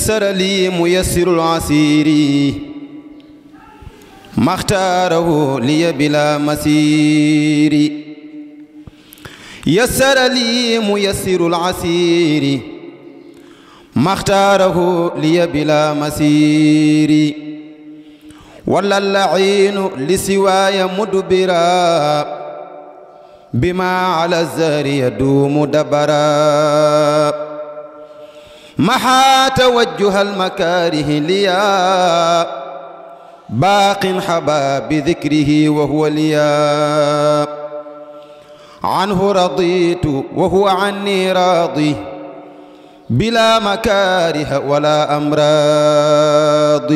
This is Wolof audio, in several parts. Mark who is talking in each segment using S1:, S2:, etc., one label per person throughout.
S1: يسر لي ميسر العسير ما اختاره لي بلا مسير يسر لي ميسر العسير ما اختاره لي بلا مسير ولا اللعين لسواي مدبرا بما على الزهر يدوم دبرا محى توجه المكاره ليا باق حبا بذكره وهو ليا عنه رضيت وهو عني راضي بلا مكاره ولا أمراض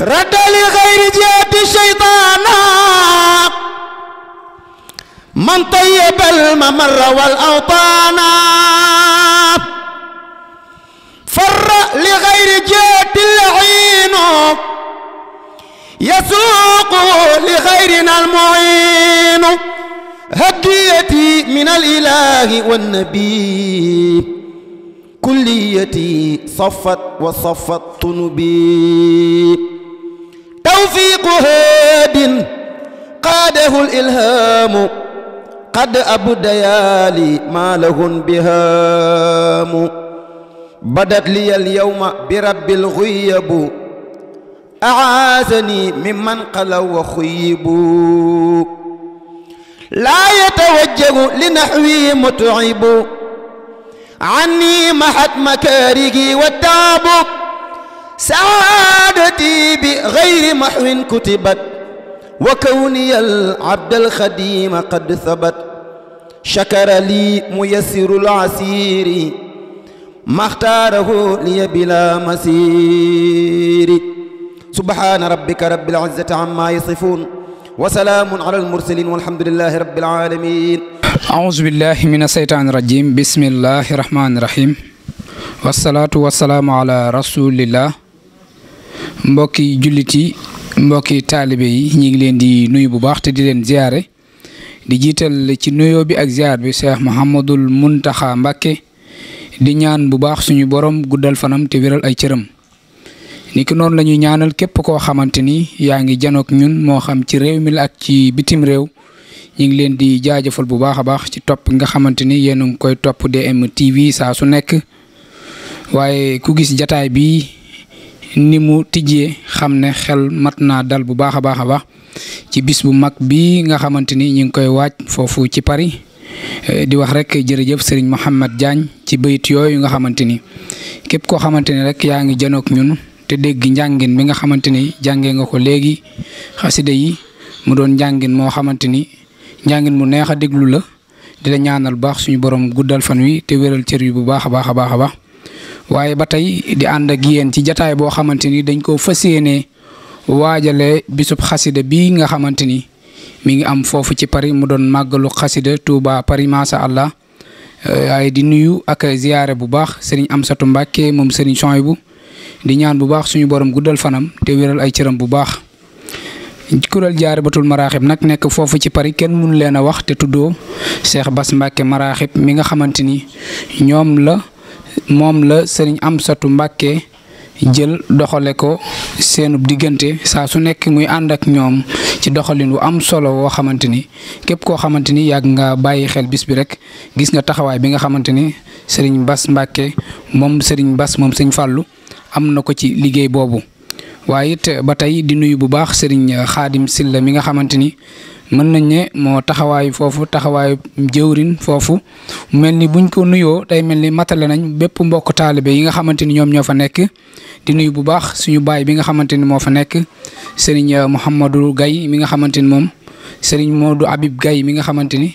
S1: رد لغير جهة الشيطان من طيب الممر والأوطان فر لغير جيت العين يسوق
S2: لغيرنا
S1: المعين هديتي من الإله والنبي كليتي صفت وصفت تنبي توفيق هاد قاده الإلهام قد أبديالي ما لهن بهام بدت لي اليوم برب الغيب أعاذني ممن قلوا وخيبوا لا يتوجه لنحوي متعب عني محت مكارهي والتعب سعادتي بغير محو كتبت وكوني العبد الخديم قد ثبت shakara lii muyassirul asiiri maxtaarahu liya bila masiiri subhaana rabbika rabbil izzati ammaa yasifuun wa salaamun alal mursaliin walhamdulillaahi rabbil aalamiin
S3: a'uuzu billaahi mina shaytaani rajiim bismillaahi rahmaani rahiim wasalaatu wasalaamu ala rasulillah mbokki jullit yi mbokki taalibe yi ñu ngi leen di nuyu bu baax te di leen ziyaare di jiital ci nuyoo bi ak ziar bi Cheikh Mouhamadul Muntaxa Mbàkke di ñaan bu baax suñu borom guddal fanam te wéral ay cëram ni noonu la ñaanal képp koo xamante ni yaa ngi janook ñun moo xam ci réew mi la ak ci bitim réew ñu ngi leen di jaajëfal bu baax a baax ci topp nga xamante ni yéen ngi koy topp DM TV saa su nekk waaye ku gis jataay bi ni mu tijjee xam ne xel mat naa dal bu baax a baax a baax ci bis bu mag bi nga xamanteni ni ñu ngi koy waaj foofu ci Paris eh, di wax rek jërëjëf Serigne mohammed Diagne ci beuyit yooyu nga xamanteni képp koo rek yaa ngi janook ñun te dégg njàngin mi nga xamanteni ni jàngee nga ko léegi xasida yi mu doon njàngin moo xamanteni ni njàngin mu neexa a déglu la di la ñaanal baax suñu borom guddal fan wi te wéral cër bu baax a baax baax baax waaye ba di ànd ak yéen ci jataay boo xamanteni dañ ko fas waajale bisub xasida bi nga xamanteni mi ngi am fofu ci Paris mu don magalu khaside Touba Paris sha allah euh, ay di nuyu ak ziaré bu baax am Amsatu mbake mom serigne Chouaïbou di ñaan bu baax suñu borom guddal fanam te wëral ay cërëm bu baax. jaar batul maraaxib nak nek fofu ci Paris ken mënu leena wax te tuddo Cheikh Bass mbake maraaxib mi nga xamanteni ñom la mom la sëriñ Amsatu mbake jël doxale ko seenub diggante saa su nekk muy ànd ak ñoom ci doxalin wu am solo woo xamante ni képp koo xamante ni yàgg nga bàyyi xel bis bi rek gis nga taxawaay bi nga xamante ni sëriñ Bas Mbàkke moom sëriñ Bas moom sëñ Fàllu am na ko ci liggéey boobu waaye it ba tey di nuyu bu baax sëriñ Xaadim Silla mi nga xamante ni mën nañ ne moo taxawaayu foofu taxawaayu jëwrin foofu mel ni buñ ko nuyoo day mel ni matale nañ bépp mbokk taalibe yi nga xamante ni ñoom ñoo fa nekk di nuyu bu baax suñu baay bi nga xamante ni moo fa nekk sëriñ Mouhamadou Gaye mi nga xamante ni moom seriñ moodu Habib gay mi nga xamante ni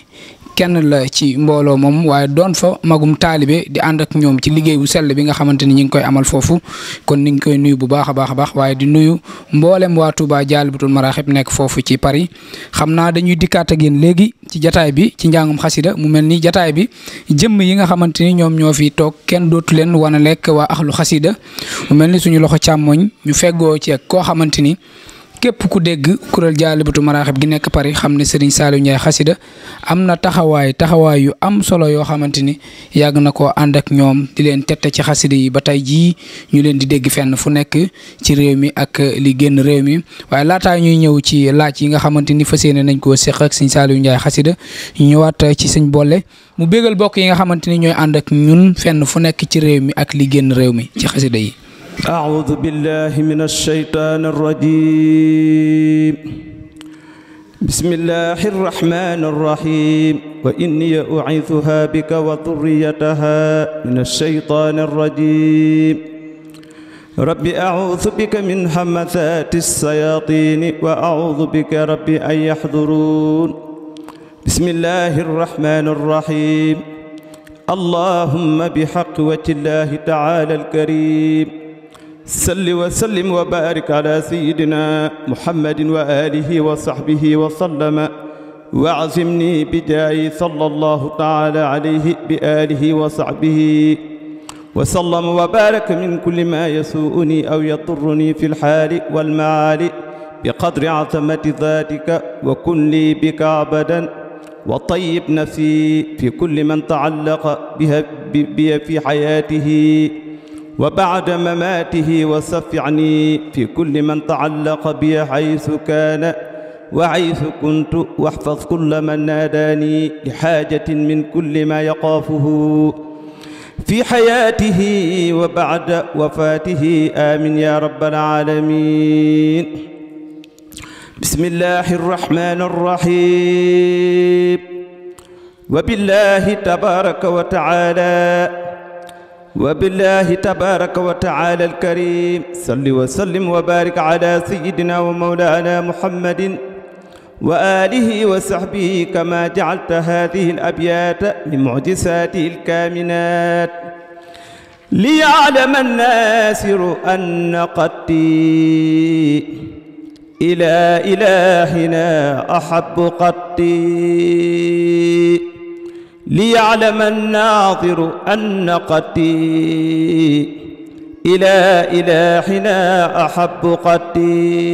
S3: kenn la ci mbooloo moom waaye doon fa magum taalibe di ànd ak ñoom ci liggéey bu sell bi nga xamante ni ñu ngi koy amal foofu kon ni ngi koy nuyu bu baax a baax a baax waaye di nuyu mboolem waa Touba Jaalibatul Maraaxib nekk foofu ci Paris xam naa dañuy dikkaat ak yéen léegi ci jataay bi ci njàngum xasida mu mel ni jataay bi jëmm yi nga xamante ni ñoom ñoo fi toog kenn dootu leen wana lekk waa axlu xasida mu mel ni suñu loxo càmmoñ ñu feggoo ci koo xamante ni képp ku dégg kuréel jaalibatu maraaxib gi nekk Paris xam ne Serigne Saliou Ndiaye xasida am na taxawaay taxawaay yu am solo yoo xamante ni yàgg na ko ànd ak ñoom di leen tette ci xasida yi ba tey jii ñu leen di dégg fenn fu nekk ci réew mi ak li génn réew mi waaye laataa ñuy ñëw ci laaj yi nga xamante ni fas yéene nañ koo séq ak Serigne Saliou Ndiaye xasida ñëwaat ci Serigne Bollé mu bégal bokk yi nga xamante ni ñooy ànd ak ñun fenn fu nekk ci réew mi ak li génn réew mi ci xasida yi
S1: أعوذ بالله من الشيطان الرجيم بسم الله الرحمن الرحيم وإني أعيثها بك وذريتها من الشيطان الرجيم رب أعوذ بك من همثات الشياطين وأعوذ بك رب أن يحضرون بسم الله الرحمن الرحيم اللهم بحق وجه الله تعالى الكريم صل وسلم وبارك على سيدنا محمد وآله وصحبه وسلم واعزمني بداعي صلى الله تعالى عليه بآله وصحبه وسلم وبارك من كل ما يسوءني أو يضرني في الحال والمعال بقدر عظمة ذاتك وكن لي بك عبدا وطيب نفسي في كل من تعلق بها بي في حياته وبعد مماته وصفعني في كل من تعلق بي حيث كان وحيث كنت واحفظ كل من ناداني لحاجة من كل ما يقافه في حياته وبعد وفاته آمين يا رب العالمين بسم الله الرحمن الرحيم وبالله تبارك وتعالى وبالله تبارك وتعالى الكريم صل وسلم وبارك على سيدنا ومولانا محمد وآله وصحبه كما جعلت هذه الأبيات من معجزاته الكامنات ليعلم الناصر أن قدي إلى إلهنا أحب قدي ليعلم الناظر أن قدي إلى إلهنا أحب قدي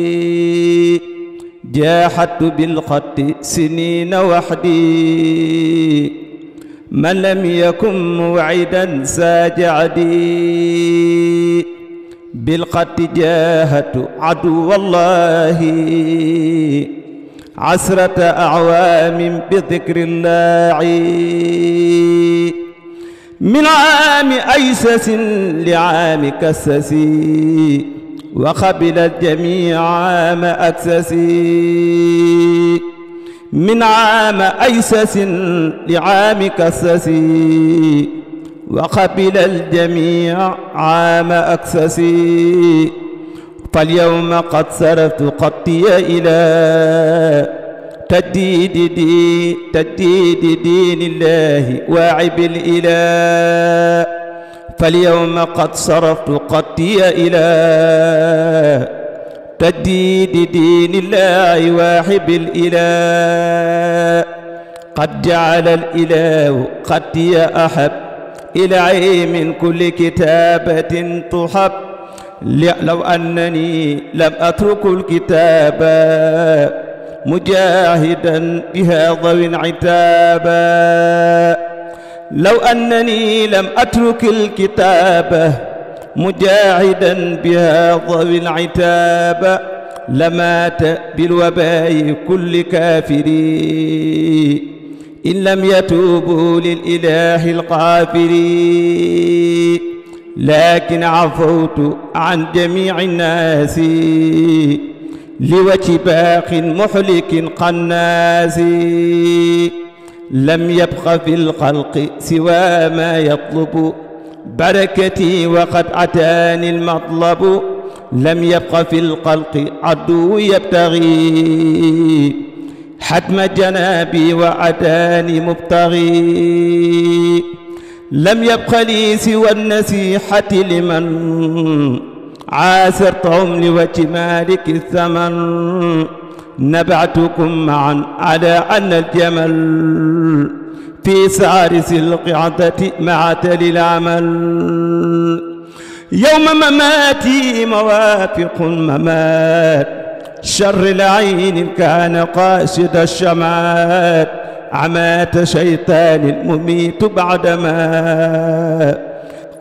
S1: جاحت بالقد سنين وحدي من لم يكن موعدا ساجعدي بالقد جاهت عدو الله عسرة أعوام بذكر الله من عام أيسس لعام كسس وقبل الجميع عام أكسس من عام أيسس لعام كسس وقبل الجميع عام أكسس فاليوم قد سرفت قطي إلى تديد دين تديد دين الله واعب الإله فاليوم قد صرفت قطي إلى تديد دين الله واحب الإله قد جعل الإله قد أحب إلى من كل كتابة تحب لو أنني لم أترك الكتاب مجاهدا بها ذوي انعتابا لو أنني لم أترك الكتاب مجاهدا بها ذوي انعتاب لمات بالوباء كل كافري إن لم يتوبوا للإله القافر لكن عفوت عن جميع الناس لوجه باق محلك قناس لم يبق في الخلق سوى ما يطلب بركتي وقد أتاني المطلب لم يبق في الخلق عدو يبتغي حتم جنابي وأتاني مبتغي لم يبق لي سوى النصيحة لمن عاصرتهم لوجه مالك الثمن نبعتكم معا على أن الجمل في سارس القعدة مع تل العمل يوم مماتي موافق ممات شر العين كان قاسد الشمات عمات شيطان مميت بعدما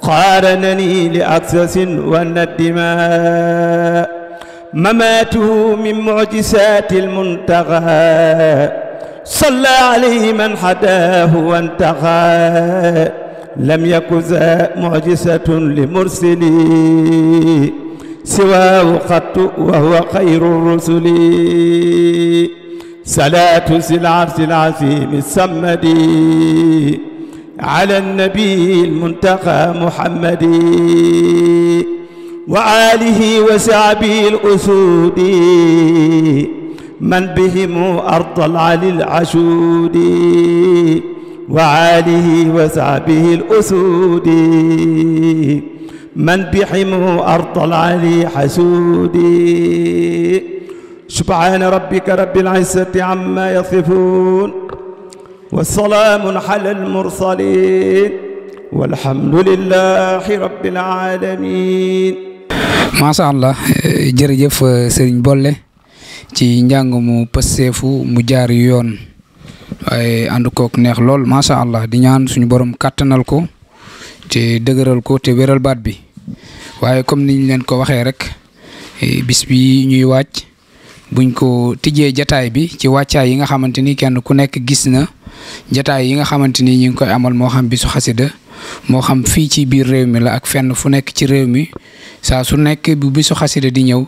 S1: قارنني لأكسس الدماء مماته من معجزات المنتغى صلى عليه من حداه وانتغى لم يكن ذا معجزة لمرسلي سواه قط وهو خير الرسل صلاة سلعة سلعة السمد على النبي المنتقى محمد وآله وسعبه الأسود من بهم أرض العلي العشود وآله وسعبه الأسود من بهم أرض العلي حسود سبحان ربك رب العزة عما يصفون والسلام على المرسلين والحمد لله رب العالمين
S3: ما شاء الله جرجف سرين بوله تي نجانغو مو بسيفو مجاريون اي اندو كوك نيه ما شاء الله دي نيان كاتنالكو بوروم كاتنال كو تي دغرال كو تي ويرال بات بي waye comme niñ len buñ ko tijjee jataay bi ci wàccaay yi nga xamante ni kenn ku nekk gis na jataay yi nga xamante ni ñu ngi koy amal moo xam bisu xasida moo xam fii ci biir réew mi la ak fenn fu nekk ci réew mi saa su nekk bu bisu xasida di ñëw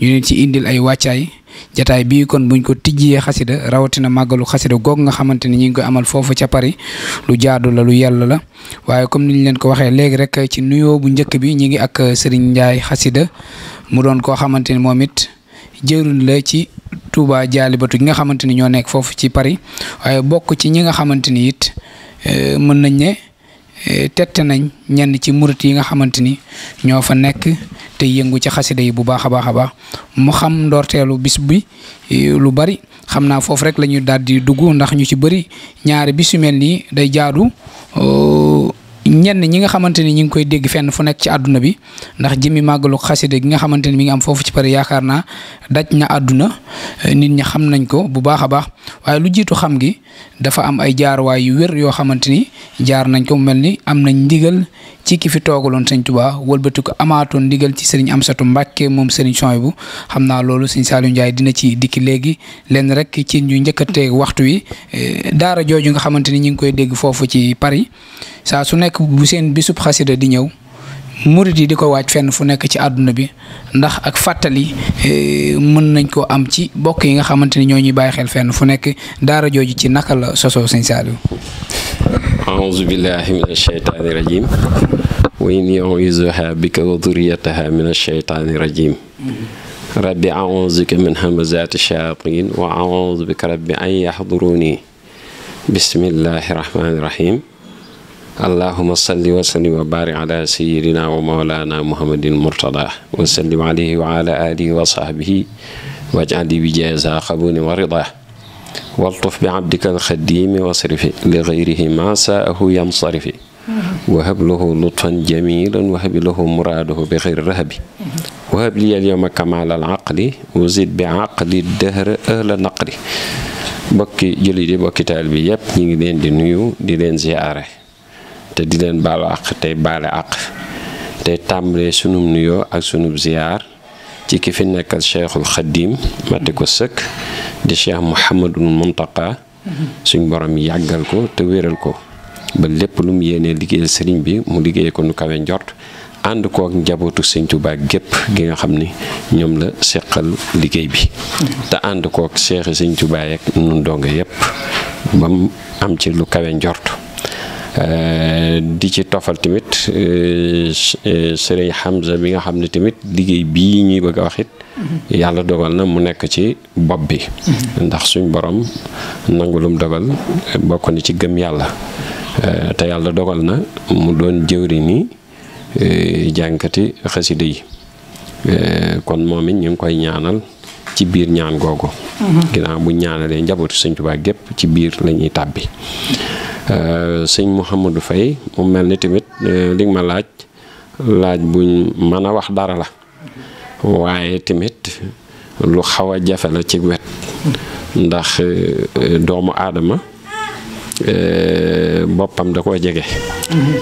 S3: ñu ci indil ay wàccaay jataay bii kon buñ ko tijjee xasida rawatina màggalu xasida goog nga xamante ni ñu ngi koy amal foofu ca Paris lu jaadu la lu la waaye comme niñ leen ko waxee léegi rek ci nuyoo bu njëkk bi ñu ngi ak Serigne Ndiaye xasida mu doon koo xamante ni moom it jëruñ la ci Touba Jaalibatu gi nga xamante ni ñoo nekk foofu ci Paris waaye bokk ci ñi nga xamante ni it euh, mën nañ ne euh, tette nañ ñenn ci murit yi nga xamante ni ñoo fa nekk te yëngu ci xasida yi bu baax a baax a baax mu xam ndorteelu bis bi euh, lu bari xam naa foofu rek lañuy ñuy daal di dugg ndax ñu ci bëri ñaare bis mel nii day jaadu ñenn ñi nga xamante ni ñi ngi koy dégg fenn fu nekk ci àdduna bi ndax jëmi màggalu xasida gi nga xamante ni mi ngi am foofu ci Paris naa daj na àdduna eh, nit ñi xam nañ ko bu baax a baax waaye lu jiitu xam gi dafa am ay jaarwaay yu wér yoo xamante ni jaar nañ ko mu mel ni am nañ ndigal ci ki fi toogaloon sëñ Tuubaa wëlbati ko amaatoon ndigal ci sëriñ Amsatu Mbàkke moom sëriñ Suhaybu xam naa loolu sëñ Saliou Ndiaye dina ci dikki léegi lenn rek ci njëkkate njëkkatee waxtu wi eh, daara jooju nga xamante ni ñi ngi koy dégg foofu ci Paris saa bu seen bisub xasida di ñëw murit yi di ko waaj fenn fu nekk ci àdduna bi ndax ak fàttali eh, mën nañ koo am ci bokk yi nga xamante ni ñoo ñuy bàyyi xel fenn fu nekk daara jooju ci naka la sosoo sëñ Saliou
S4: aouzu billahi min asheytaani rajim wa inni uizuha bika wa duriyataha min asheytaani wa aouzu bika rabbi an yaxduruni bismillahi rahmaani rahim اللهم صل وسلم وبارك على سيدنا ومولانا محمد المرتضى وسلم عليه وعلى آله وصحبه واجعل بجازا قبول ورضاه والطف بعبدك الخديم واصرف لغيره ما ساءه ينصرف وهب له لطفا جميلا وهب له مراده بغير رهب وهب لي اليوم كمال العقل وزد بعقل الدهر أهل النقل بكي جلدي بكي تالبي يب دين دي نيو دي دين زياره te di len balu ak te balé ak te tàmbalee sunub nuyo ak sunub ziar ci ki fi nekkal cheikhul khadim maté ko seuk di cheikh ibn muntaka suñ borom yagal ko te wéral ko ba lépp lu mu yéné liggéeyal serigne bi mu liggéey ko nu kawe ndort ànd ak njabootu sëñ touba gep gi nga xamni ñom la sekkal liggéey bi te ànd kook seexi sëñ Tuubaa yeeg nun donga yépp ba am ci lu kawe ndort Euh, di ci tofal tamit euh, euh, sëriñ Hamza bi nga xam ne tamit liggéey bii ñuy bëgg a wax it yàlla dogal na mu nekk ci bopp bi ndax suñ borom nangu lum dogal bokk na ci gëm yàlla te yàlla dogal na mu doon jëwri ni jànkati xasida yi kon moom it ñu ngi koy ñaanal ci bir ñaan gogo mhm. ginnaaw bu ñaanale njabootu seigne touba gep ci bir lañuy tabbi euh seigne Mouhamadou fay mu melni timit euh, li ma laaj laaj buñ mëna wax dara la waye timit lu xawa a la ci wet ndax euh, doomu euh bopam da ko jégué mhm.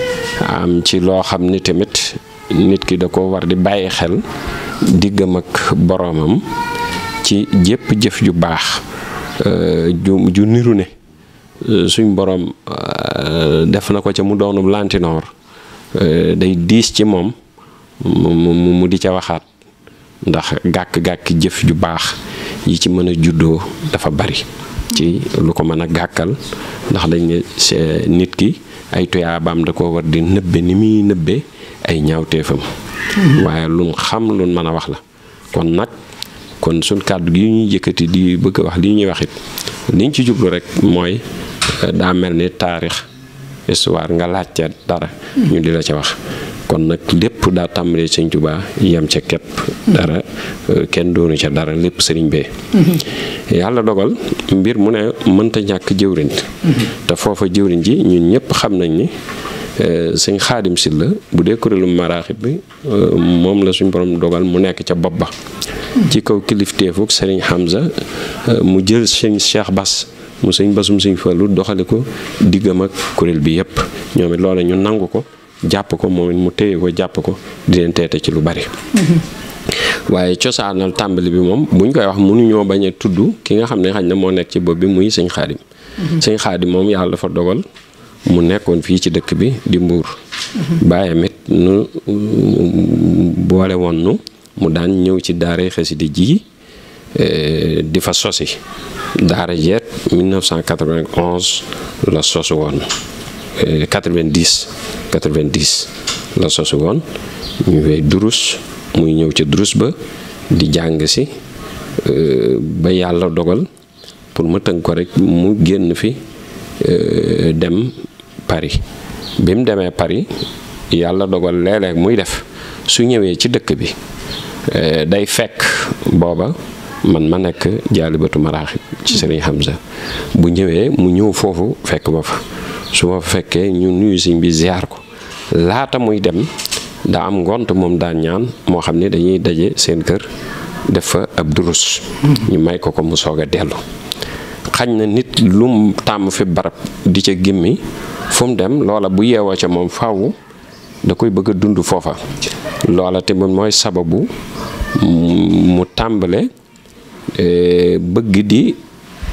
S4: am ci lo xamni timit nit ki da ko war di baye xel digam ak boromam ci jëpp jëf ju baax euh, ju ju niru ne euh, suñ boroom euh, def na ko ca mu doonub lantinoor day diis ci moom mu mu di ca waxaat ndax gàkk-gàkk jëf ju baax yi ci mën a juddoo dafa bari ci lu ko mën a gàkkal ndax dañ ne nit ki ay tuyaabaam da koo war di nëbbe ni muy nëbbe ay ñaawteefam hmm. waaye lu xam lu mën a wax la kon nag kon suñ kàddu gi ñuy yëkkati di bëgg a wax li ñuy wax it liñ ci jublu rek mooy eh, daa mel ni taarix histoire nga laaj laajte dara ñu di la ca wax kon nag lépp daa tàmbalee sëñ Tuubaa yem ca kepp dara eh, kenn doonu ca dara lépp sëriñ bee yàlla dogal mbir mu ne mënta ñàkk jëwriñ te foofa jëwriñ ji ñun ñëpp xam nañ ni eh, sëñ xaadim la bu dee kuréelu maraaxib bi moom la suñ borom dogal mu nekk ca bopp ba ci kaw kilifteefuk sëriñ Hamza euh, mu jël sëriñ Cheikh bas mu sëñ basum sëñ Fallou doxale ko diggam ak kuréel bi yépp ñoom it loola ñu nangu ko jàpp ko moom it mu téye ko jàpp ko di leen teete ci lu bari mm-hmm. waaye cosaanal tàmbali bi moom buñ koy wax mënuñoo bañ a tudd ki nga xam ne xañ na moo nekk ci bopp bi muy sëñ xaadim
S3: mm-hmm.
S4: sëñ xaadim moom yàlla dafa dogal mu nekkoon fii ci dëkk bi di mbuur mm-hmm. bàyyam it nu boole woon nu mu daan ñëw ci daaray xasida ji eh, di fa sosi daara jeet 1991 la sosu woon 90 eh, 90 la sosu woon muy ñëw ca durus ba di jàng si eh, ba yàlla dogal pour ma tënk ko rek mu génn fi dem Paris bi mu demee Paris yàlla dogal léeg muy def su ñëwee ci dëkk bi Eh, day fekk boba man ma nek jalibatu maraaxib ci serigne Hamza bu ñewé mu ñew fofu fekk ba fa su ma fekkee ñu nuyu serigne bi ziar ko laata muy dem da am ngont mom da ñaan mo xamni dañuy dajé seen kër def fa ab durus ñu may ko ko mu soga delu xagn na nit lum tam fi barab di ca gémmi fum dem lola bu yewo ca mom da koy bëgg a dund foofa loola te mooy sababu mu tàmbale eh, bëgg di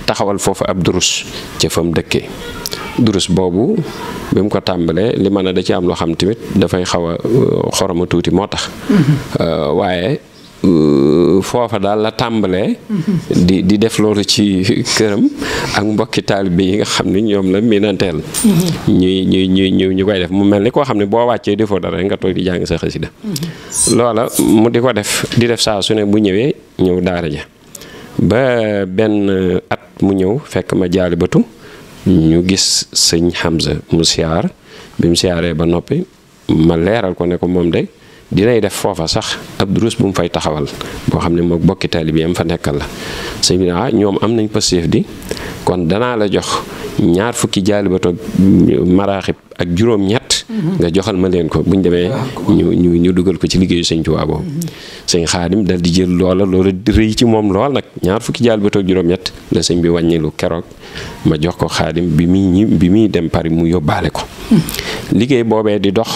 S4: taxawal foofa ab durus ca fa mu dëkkee durus boobu bi mu ko tàmbalee li mën a da ci am loo xam tamit dafay xaw a eh, xoroma tuuti moo tax
S2: mm-hmm.
S4: eh, waaye Euh, foofa daal la tàmbalee. di di def loolu ci këram ak mbokki taalibe yi nga xam ne ñoom la miinanteel. ñuy ñuy ñuy ñu ñu koy def mu mel ni koo xam ne boo wàccee di defoo dara nga toog di jàng sa xasida loola mu di ko def di def saa su ne bu ñëwee ñëw daara ja ba benn at mu ñëw fekk ma jaali batu ñu gis sëñ Hamza mu siyaar bi mu siyaaree ba noppi ma leeral ko ne ko moom de. dinay def foofa sax ab durus bu mu fay taxawal boo xam ne moo bokki taalibe am fa nekkal la sëñ bi ah ñoom am nañ pastéef di kon danaa la jox ñaar fukki jaalibatoo maraaxib ak juróom-ñett. nga joxal ma leen ko buñ demee. ñu ñu ñu dugal ko ci liggéeyu sëñ Tuubaa boobu. sëñ Xaadim dal di jël loola loola ci moom lool nag ñaar fukki jaal ba toog juróom bi wàññilu keroog ma jox ko Xaadim bi muy ñi bi muy dem Paris mu yóbbaale ko. liggéey boobee di dox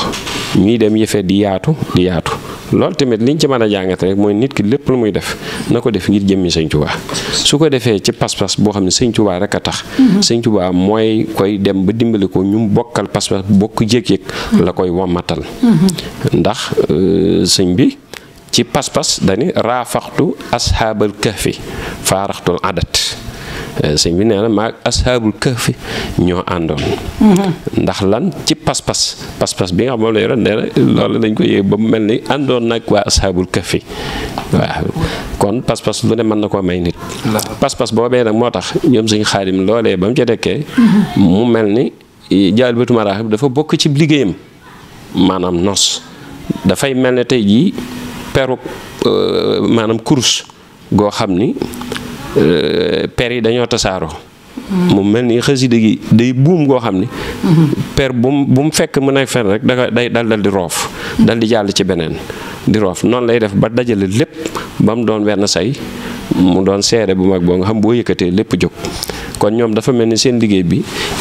S4: ñuy dem yëfe di yaatu di yaatu. loolu tamit liñ ci mën a jàngat rek mooy nit ki lépp lu muy def na ko def ngir jëmmi sëñ Tuubaa su ko defee ci pas boo xam ne sëñ rek a tax. Mhm. sëñ Tuubaa mooy koy dem ba dimbali ko ñu bokkal pas pas bokk yëg-yëg la koy wammatal ndax euh, sëñ bi ci pas-pas dani raafaxtu asxaabal kahfi faaraxtul adat euh, sëñ bi nee na maa asxaabul kahfi ñoo àndoon ndax lan ci pas-pas pas-pas bi nga xam moom la yore nee ba mu mel ni àndoon nag waa asxaabul kahfi waaw kon pas-pas lu ne mën na koo may nit pas-pas boobee nag moo tax ñoom suñ xaadim loolee ba mu ca dekkee mu mel ni jaalibatu maraaxib dafa bokk ci liggéeyam maanaam nos dafay mel ne tey jii peru euh, maanaam kurus goo xam ni euh, per yi dañoo tasaaroo mu mel ni xasida gi day buum goo xam ni per bu mu bu mu fekk mën nekk fen rek da day dal dal di roof dal di jàll ci beneen di roof noonu lay def ba dajale lépp ba mu doon wenn say mu doon seere bu mag boo nga xam boo yëkkatee lépp jóg kon ñoom dafa mel ni seen liggéey bi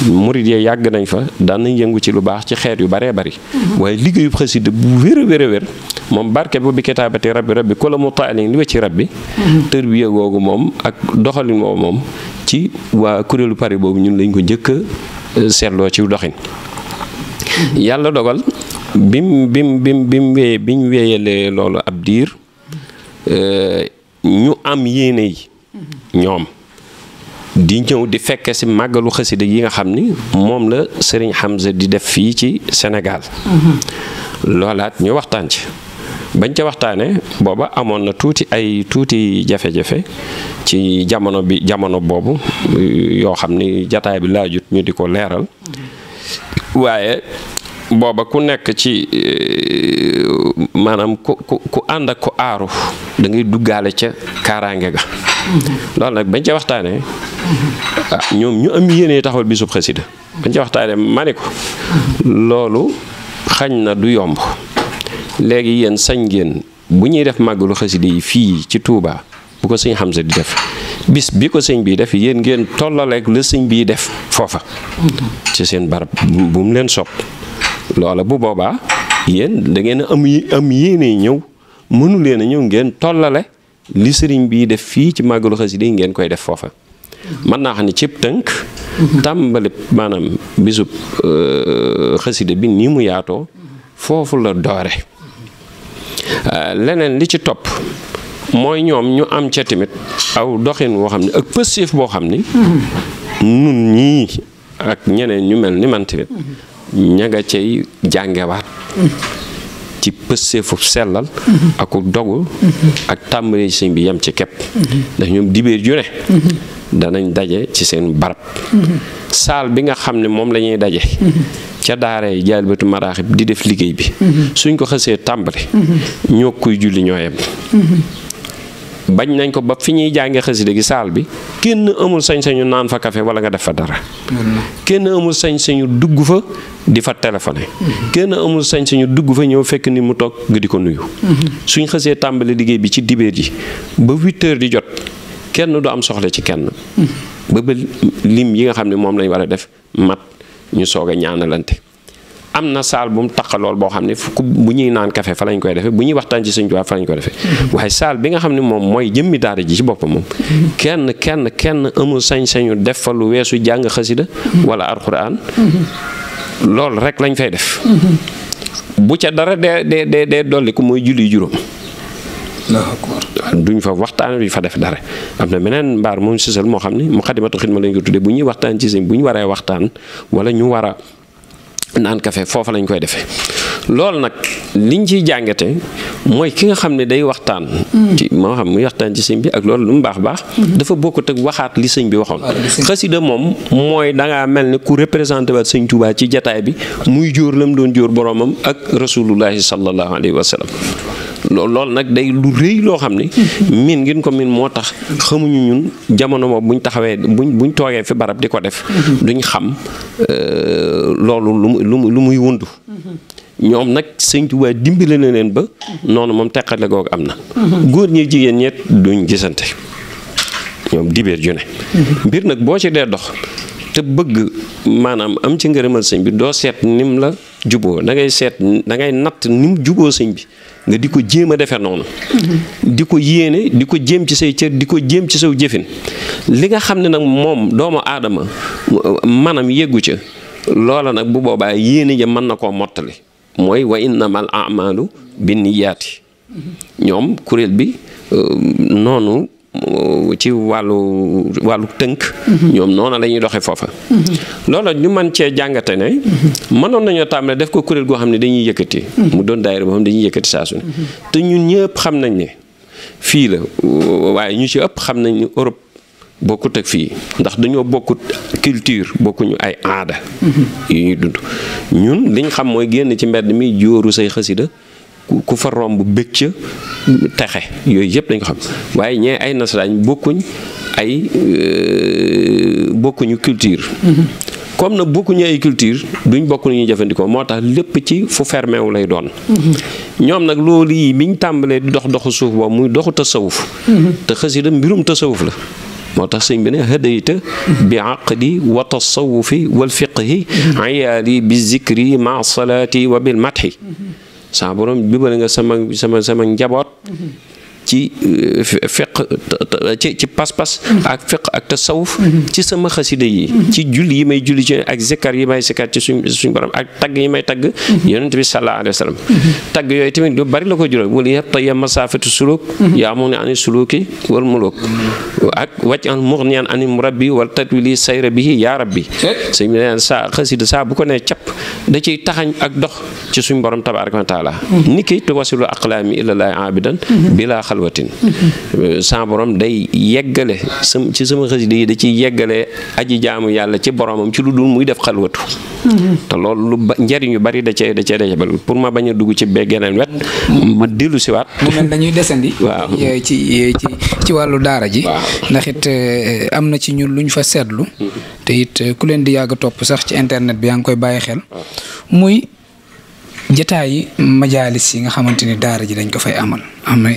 S4: murit yee yàgg nañ fa daan yëngu ci lu baax ci xeet yu baree bari mhm. waaye liggéeyu xasida bu wér a wér a wér moom barke bu bi kitaabati rabbi rabbi ku la mu taalin li wa ci rabbi mhm. tërbiya googu moom ak doxalin woowu moom ci waa kuréelu Paris boobu ñun lañ ko njëkk e, seetloo ci doxin mhm. yàlla dogal bi bim bi bim wéye biñ wéyelee loolu ab diir e, ñu am yéene yi ñoom di ñëw di fekk si màggalu xasida yi nga xam ni moom la Serigne Hamza di def fii ci Sénégal loolaat ñu waxtaan ci bañ ca waxtaanee booba amoon na tuuti ay tuuti jafe-jafe ci jamono bi jamono boobu yoo xam ni jataay bi laajut ñu di ko leeral waaye booba ku nekk ci eh, maanaam ku ku ku ànd ak ku aaru dangay ngay duggaale ca kaaraange ga loolu nag bañ ca waxtaanee ah, ñoom ñu am yéene taxawal bisub xasida bañ ca waxtaanee ma ne ko loolu xañ na du yomb léegi yéen sañ ngeen bu ñuy def màggalu xasida yi fii ci tuubaa bu ko sëñ sa di def bis bi ko sëñ bii def yéen ngeen tollaleeg la sëñ bi def foofa ci seen barab bu mu leen sopp loola bu boobaa yéen da ngeen am am yéene ñëw mënu leen a ñëw ngeen tollale li sëriñ bii def fii ci màggalu xasida yi ngeen koy def foofa mën naa xam ne cib tënk tàmbali maanaam bisub euh, xasida bi nii mu yaatoo foofu la doore euh, leneen li ci topp mooy ñoom ñu am ca tamit aw doxin woo xam ne ak pësif boo xam ne mm-hmm. nun ñii ak ñeneen ñu mel ni man tamit mm-hmm. ña nga cay jàngewaat ci pësseefu sellal aku dogu ak tàmbali sëñ bi yem ci kepp ndax ñoom dibéer ju ne danañ daje ci seen barab saal bi nga xam ne moom lañuy daje ca daara yi jaalibatu maraaxib di def liggéey bi suñ ko xësee tàmbali ñoo julli ñoo yem bañ nañ ko ba fi ñuy jànge xasida gi saal bi kenn amul sañ-sañu naan fa kafe wala nga def fa dara kenn amul sañ-sañu dugg fa di fa téléphoné kenn amul sañ-sañu dugg fa ñëw fekk ni mu toog nga di ko nuyu suñ xësee tàmbali liggéey bi ci dibéer yi ba huit heures di jot kenn du am soxla ci kenn ba ba lim yi nga xam ne moom lañ war a def mat ñu soog a ñaanalante am na saal bu mu lool boo xam ne ku bu ñuy naan café fa lañ koy defee bu ñuy waxtaan ci Sëñ Tuubaa fa lañ koy mm-hmm. saal bi nga xam ne moom mooy jëmmi daara ji ci boppam moom mm-hmm. kenn kenn kenn amul sañ-sañu def fa lu weesu jàng xasida mm-hmm. wala alxuraan loolu rek lañ fay def bu ca dara dee dee dee dee dolli ko mooy julli juróom duñ fa waxtaan bi fa def dara am na meneen mbaar moom sësal moo xam ne mu xadimatu xidma lañ ko tuddee bu ñuy waxtaan ci bu ñu waree waxtaan wala ñu war a naan kafe foofa lañ koy defee loolu nag liñ ciy jàngate mooy ki nga xam ne day waxtaan. Mm. ci moo xam muy waxtaan ci sëñ bi ak loolu lu mu baax baax. Mm-hmm. dafa bokkut teg waxaat li sëñ bi waxoon. xasida moom mooy da ngaa mel ne ku représenté waat sëñ Tuubaa ci jataay bi muy jóor la mu doon jóor boromam ak rasulullahi sallallahu alayhi wa sallam. loolu nag day lu rëy loo xam ni. miin ngeen ko miin moo tax xamuñu ñun jamono moom buñ taxawee buñ buñ toogee fi barab di ko def. duñ xam euh, loolu lu mu lu muy wundu. ñoom nag sëñ Tuubaa dimbale na leen ba. noonu moom teqale googu am na. góor ñi jigéen ñett duñ gisante ñoom dibeer ju ne. mbir nag boo ci dee dox te bëgg maanaam am ci ngërëmal sëñ bi doo seet nim la juboo da ngay seet da ngay natt nim juboo sëñ bi. nga di ko jéem a defee noonu. Mm-hmm. di ko yéene di ko jéem ci say cër di ko jéem ci saw jëfin li nga xam ne nag moom doomu aadama manam yeggu ca loola nag bu boobaa yéene ja mën na koo mottale mooy wa innamal a'malu binniyaati mm-hmm. ñoom kuréel bi euh, noonu. Euh, ci wàllu wàllu tënk. Mhm. ñoom noonu la ñuy doxee foofa. Mhm. loola ñu mën cee jàngate ne. Mhm. mënoon nañoo tàmbale def ko kuréel goo xam ne dañuy yëkkati. mu doon daayira boo xam yëkkati saa ne. te ñun ñëpp xam nañ ne fii la waaye ñu ci ëpp xam nañ ne Europe bokkut ak fii ndax dañoo bokkut culture bokkuñu ay aada. yu ñuy dund ñun liñ xam mooy génn ci mbedd mi jóoru say xasida ku fa romb becc taxé yoy yëpp dañ ko xam waye ñe ay nasrañ bokkuñ ay bokkuñu culture comme na bokkuñ ay culture duñ bokkuñ ñu jëfëndiko motax lépp ci fu fermé wu lay doon ñom nak loolu yi miñ tambalé di dox doxu suuf bo muy doxu tasawuf te xasida mbirum tasawuf la motax sëñ bi ne hadayta bi aqdi wa tasawufi wal fiqhi ayali bi zikri ma salati wa bil matxi sa borom jubale nga sama sama sama njaboot mm-hmm. ci euh, feq ci ci pas-pas ak feq ak tasawuf ci sama xasida yi ci julli yi may julli ci ak zikkar yi may zikkar ci suñ suñ borom ak tagg yi may tagg yonent bi sallallahu alayhi wa sallam tagg yooyu tamit lu bari la ko jural wala yëpp tey masaafatu suluk yaa moom ne ani suluki wal muluk ak wàcc an muxniyan ani murabbi wal tatwili sayra bihi yaa rabbi sëñ bi neen saa xasida saa bu ko nee cap da ciy taxañ ak dox ci suñ borom tabaraka wa taala niki tuwasilu aqlaami xalwatin euh, sa borom day yeggale sam ci sama xasida yi da ci yeggale aji jaamu yàlla ci boromam ci lu dul muy def xalwatu te loolu lu njariñ yu bari da cee da cee da cee pour ma bañ a dugg ci be geneen wet ma dellu siwaat mu mel dañuy
S3: desandi waaw ci ci ci wàllu daara ji ndax it euh, am na ci ñun luñ fa seetlu mm-hmm. te euh, ku leen di yàgg topp sax ci internet bi yaa ngi koy bàyyi xel muy jataayi majaalis yi nga xamante ni daara ji dañ ko fay amal am na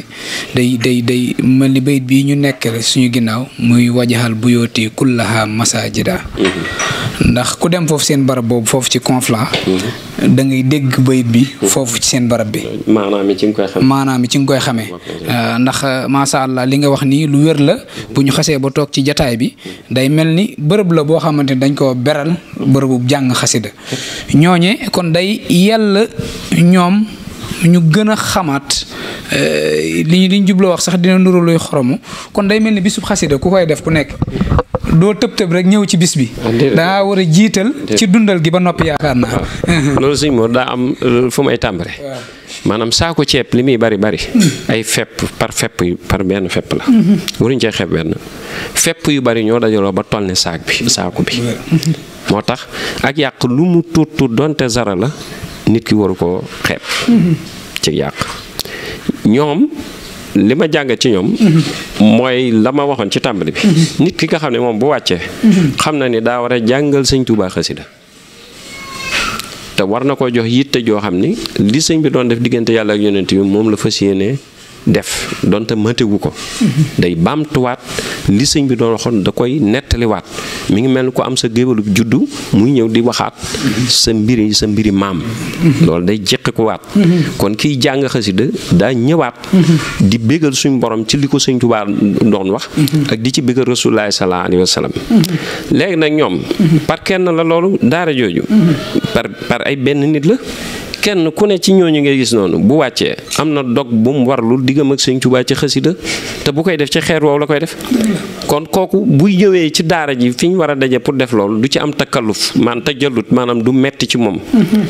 S3: day day day mel ni bayit bii ñu nekk suñu ginnaaw muy wajaxal bu yooti kullaha masajida mm-hmm. ndax ku dem foofu seen barab boobu foofu ci Conflans mm-hmm. da ngay dégg bayit bi foofu ci seen barab bi maanaam ci nga koy xamee euh, ndax euh, macha allah li nga wax nii lu wér la bu ñu xasee ba toog ci jataay bi day mel ni bërëb la boo xamante ni dañ ko beral bërëbu jàng xasida ñooñe kon day yàlla ñoom ñu gën a xamaat euh, li ñu jubloo wax sax dina nuru luy xoromu kon day mel ni bisub xasida ku koy def ku nekk doo tëb tëb rek ñëw ci bis bi. daa war a jiital ci dundal gi ba noppi yaakaar naa.
S4: loolu sëñ Mor daa am euh, fu may tàmbale. maanaam saako ceeb li muy bari bari. ay fepp par fepp yu par benn fepp la. waruñ cee benn fepp yu bari ñoo dajaloo ba toll ne saak bi saako bi. moo tax ak yàq lu mu tuut tuut donte zara la. nit ki waru koo xeeb. Mm-hmm. ci yàq ñoom li ma jàngal ci ñoom. Mm-hmm. mooy la ma waxoon ci tàmbali bi. Mm-hmm. nit ki nga xam ne moom bu wàccee. xam na ni daa war a jàngal sëñ Tuubaa xasida te war na koo jox yitte joo xam ni li sëñ bi doon def diggante yàlla ak yonent bi moom la fas yéenee. def donte matewu ko day baamtuwaat li sëñ bi doon waxoon da koy nettaliwaat mi ngi mel ni ko am sa géwalub juddu muy ñëw di waxaat sa mbiri sa mbiri maam loolu day jeqikuwaat kon kiy jàng xasida daa ñëwaat di bégal suñ borom ci li ko sëñ Tuubaa doon wax ak di ci bégal rasulullaahi sallallaahu alayhi wa léegi nag ñoom par kenn la loolu daara jooju par par ay benn nit la kenn ku ne ci ñooñu ngay gis noonu bu wàccee am na dog bu mu warlu diggam ak sëñ Tuubaa ci xasida te bu koy def ci xeer woow la koy def kon kooku buy ñëwee ci daara ji fi ñu war a daje pour def loolu du ci am takkaluf man tajallut maanaam du metti ci moom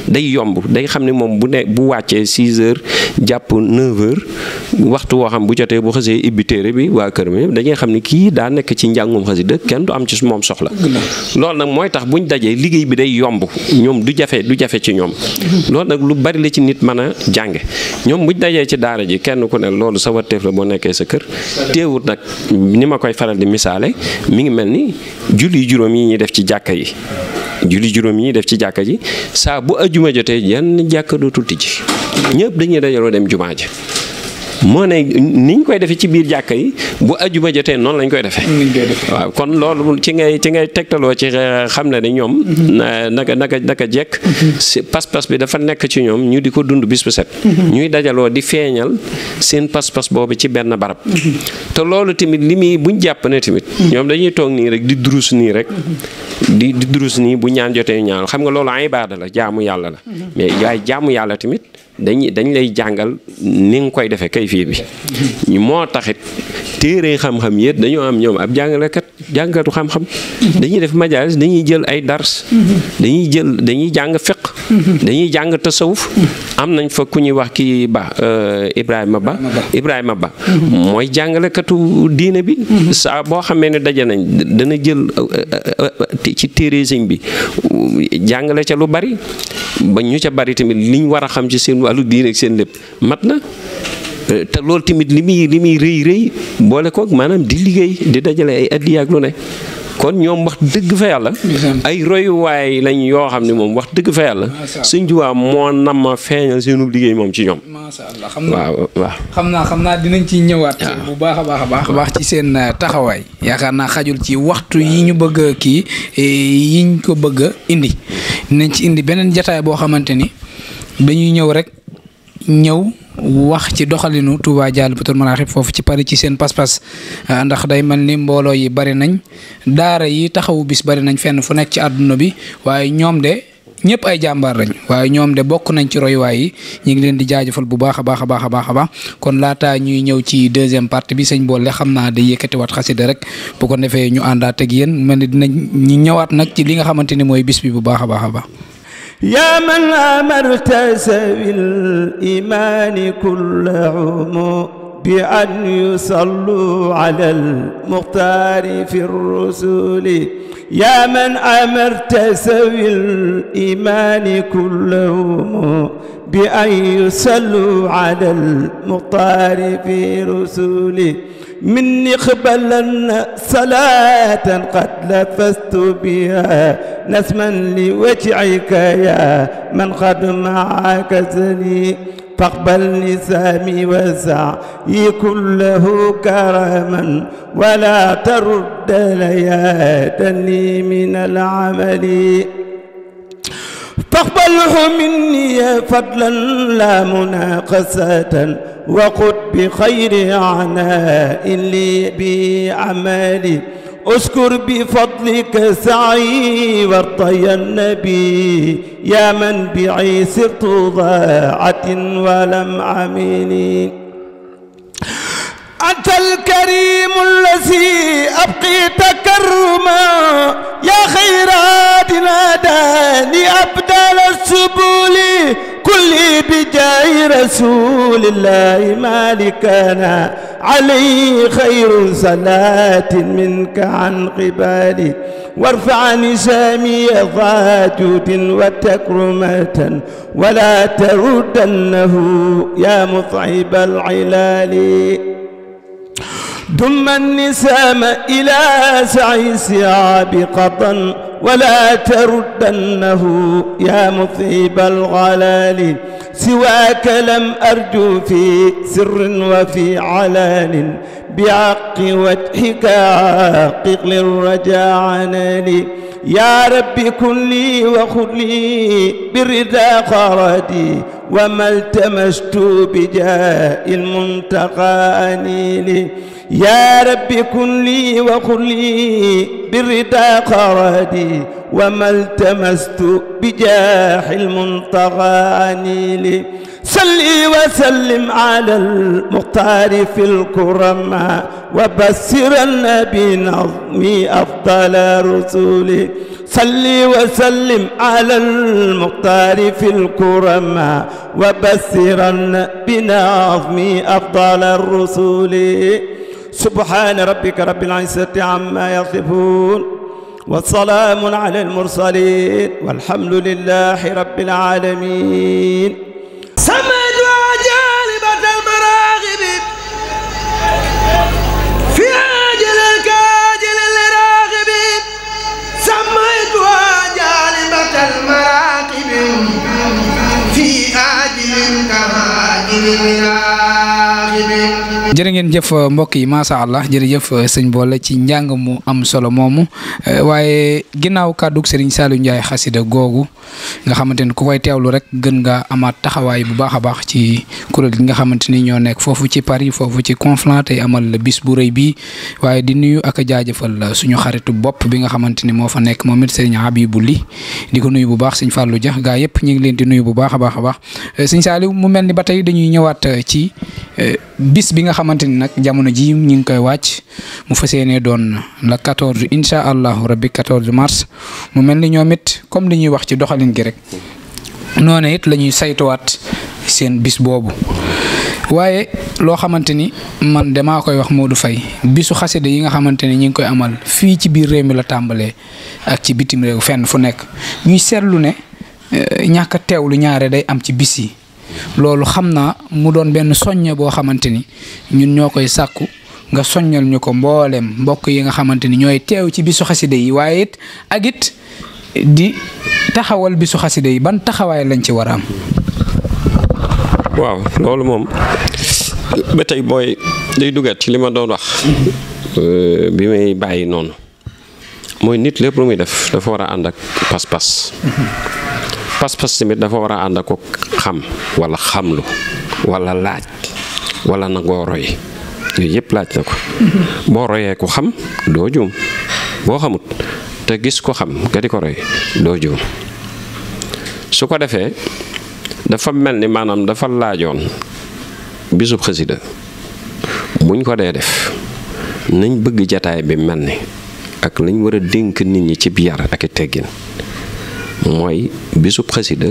S4: day yomb day xam ne moom bu ne bu wàccee 6 heures jàpp 9 heures waxtu woo xam bu jotee bu xasee ibbi téere bi waa kër mi dañuy xam ni kii daa nekk ci njàngum xasida kenn du am ci moom soxla loolu nag mooy tax buñ dajee liggéey bi day yomb ñoom du jafe du jafe ci ñoom lu bari la ci nit mën a jànge ñoom buñ dajee ci daara ji kenn ku ne loolu sa warteef la boo nekkee sa kër teewut nag ni ma koy faral di misaale mi ngi mel ni julli juróom yi ñuy def ci jàkka yi julli juróom yi ñuy def ci jàkka ji saa bu ajuma jotee yenn jàkka dootul tijji ñëpp dañuy dajaloo dem jumaa ji moo ne ni ñu koy defee ci biir jàkk yi bu ajuma jotee noonu lañ koy defee. waaw kon loolu ci ngay ci ngay tegtaloo ci euh, xam ne ne ñoom. Mm-hmm. naka naka naka jekk. Mm-hmm. si pas-pas bi dafa nekk ci ñoom ñu di ko dund bis bu set. Mm-hmm. ñuy dajaloo di feeñal seen pas-pas boobu ci benn barab. te loolu tamit li muy buñ jàpp ne tamit. ñoom dañuy toog nii rek di durus nii rek. di di durus nii bu ñaan jotee ñaan xam nga loolu ay ibaada la jaamu yàlla la. mais yaay jaamu yàlla tamit. dañuy dañ lay jàngal ni nga koy defee kay fii bi moo taxit téere xam-xam yépp dañoo am ñoom ab jàngalekat jàngkatu xam-xam dañuy def majalis dañuy jël ay dars dañuy jël dañuy jàng fiq dañuy jàng tasawuf am nañ fa ku ñuy wax kii euh, ba Ibrahima Ba Ibrahima Ba mooy jàngalekatu diine bi saa boo xamee ne daje nañ dana jël euh, euh, ci téere sëñ bi jàngale ca lu bari ba ñu ca bari tamit liñ war a xam ci seen wàllu diine ak seen lépp mat na Euh, te loolu tamit li muy li muy rëy rëy boole koog maanaam di liggéey di dajale ay addiya ak lu ne kon ñoom wax dëgg fa yàlla ay royuwaay lañ yoo xam ne moom wax dëgg fa yàlla suñ juwaa moo nam ma feeñal seenu liggéey moom ci ñoom macha allah xam naa waaw waaw
S3: xam naa xam naa dinañ ci ñëwaat bu baax a baax a baax baax ci seen euh, taxawaay yaakaar naa xajul ci waxtu yi ñu bëgg kii eh, yiñ ko bëgg a indi dinañ ci indi beneen jataay boo xamante ni dañuy ñëw rek ñëw wax ci doxalinu Touba Dialibatoul Marakhib foofu ci Paris ci seen pas-pas ah, ndax day mel ni mbooloo yi bari nañ daara yi taxawu bis bari nañ fenn fu nekk ci àdduna bi waaye ñoom de ñëpp ay jàmbaar lañ waaye ñoom de bokk nañ ci royuwaay yi ñu ngi leen di jaajëfal bu baax a baax a baax a baax a baax kon laata ñuy ñëw ci deuxième partie bi sëñ boole xam naa day yëkkatiwaat xasida rek bu ko defee ñu àndaat ak yéen mel ni dinañ ñu ñëwaat nag ci li nga xamante ni mooy bis bi bu baax a baax a baax.
S1: يا من أمرت الايمان كل عمو بأن يصلوا على المختار في الرسل يا من أمرت الايمان كل عمو بأن يصلوا على المختار في رسله مني قبلا صلاة قد لفست بها نسما لوجعك يا من قد معك زني فاقبل لسامي وسعي كله كرما ولا ترد لياتني من العمل فاقبله مني فضلا لا مناقصة وقد بخير عناء لي بعمالي أشكر بفضلك سعي وارضي النبي يا من بعي صرت ضاعة ولم عميني أنت الكريم الذي أبقيت كرما يا خير ناداني أبدال السبل كل بجاه رسول الله مالكنا عليه خير صلاة منك عن قبالي وارفع نسامي ضاجود وتكرمة ولا تردنه يا مطعب العلال دم النسام إلى سعي سعاب قطا ولا تردنه يا مصيب الغلال سواك لم أرجو في سر وفي علان بعق وجهك عاقق للرجاء عناني يا ربي كن لي وخذ لي بالرضا خرادي وما التمست بجاء المنتقى أنيلي يا ربي كن لي وخذ لي بالرضا خرادي وما التمست بجاح المنتقى أنيلي صلي وسلم على المختار في الكرماء وبسر النبي نظمي أفضل رسولي صلي وسلم على المختار في الكرماء وبسر النبي نظمي أفضل الرسول سبحان ربك رب العزة عما يصفون وسلام على المرسلين والحمد لله رب العالمين سمد وجالبة المراغب في عاجل الكاجل الراغب
S3: سميت وجالبة المراقب في آجل كهاجل راغب jërë ngeen jëf eh, mbokk yi sha allah jërëjëf eh, sëñ boole ci njang mu am solo moomu eh, waye ginnaaw kaddu sëriñ Saliou Ndiaye xasida gogou nga xamanteni ku fay tewlu rek gën nga amaat taxaway bu baax a baax ci kurel nga xamanteni ño nek fofu ci Paris fofu ci Conflans amal bis bu reuy bi waye di nuyu ak jaajeufal suñu xaritu bop bi nga xamanteni mo fa nek momit it Habibou Li diko nuyu bu baax sëñ Fallou Dia ga yëpp ñi ngi leen di nuyu bu baax a baax a baax mu melni batay dañuy ñëwaat ci bis bi nga xamante ni nag jamono ji ñu ngi koy wàcc mu fas yéenee doon la 14 incha allahu rabbi 14 mars mu mel ni ñoom it comme li ñuy wax ci doxalin gi rek noone it lañuy ñuy saytuwaat seen bis boobu. waaye loo xamante ni man damaa koy wax moo Modou Faye bisu xasida yi nga xamante ni ñu ngi koy amal fii ci biir réew mi la tàmbalee ak ci bitim réew fenn fu nekk ñuy seetlu ne eh, ñàkk a teewlu ñaare day am ci bis yi. loolu xam naa mu doon benn soññe boo xamante ni ñun ñoo koy sàkku nga soññal ñu ko mbooleem mbokk yi nga xamante ni ñooy teew ci bisu xaside yi waaye it ak di taxawal bisu xaside yi ban taxawaay lañ ci war a am.
S4: waaw loolu moom ba tey booy day dugaat ci li ma doon wax euh, bi may bàyyi noonu mooy nit lépp muy def dafa war a ànd ak pas-pas. Mm-hmm. pas-pas tamit dafa war a ànd ak ko xam wala xamlu wala laaj wala nangoo roy yooyu yëpp laaj na ko boo royee ko xam doo juum boo xamut te gis ko xam nga di ko roy doo juum su ko defee dafa mel ni maanaam dafa laajoon bisub xasida buñ ko dee def nañ bëgg jataay bi mel ni ak lañ war a dénk nit ñi ci yar ak i teggin mooy bisu xasida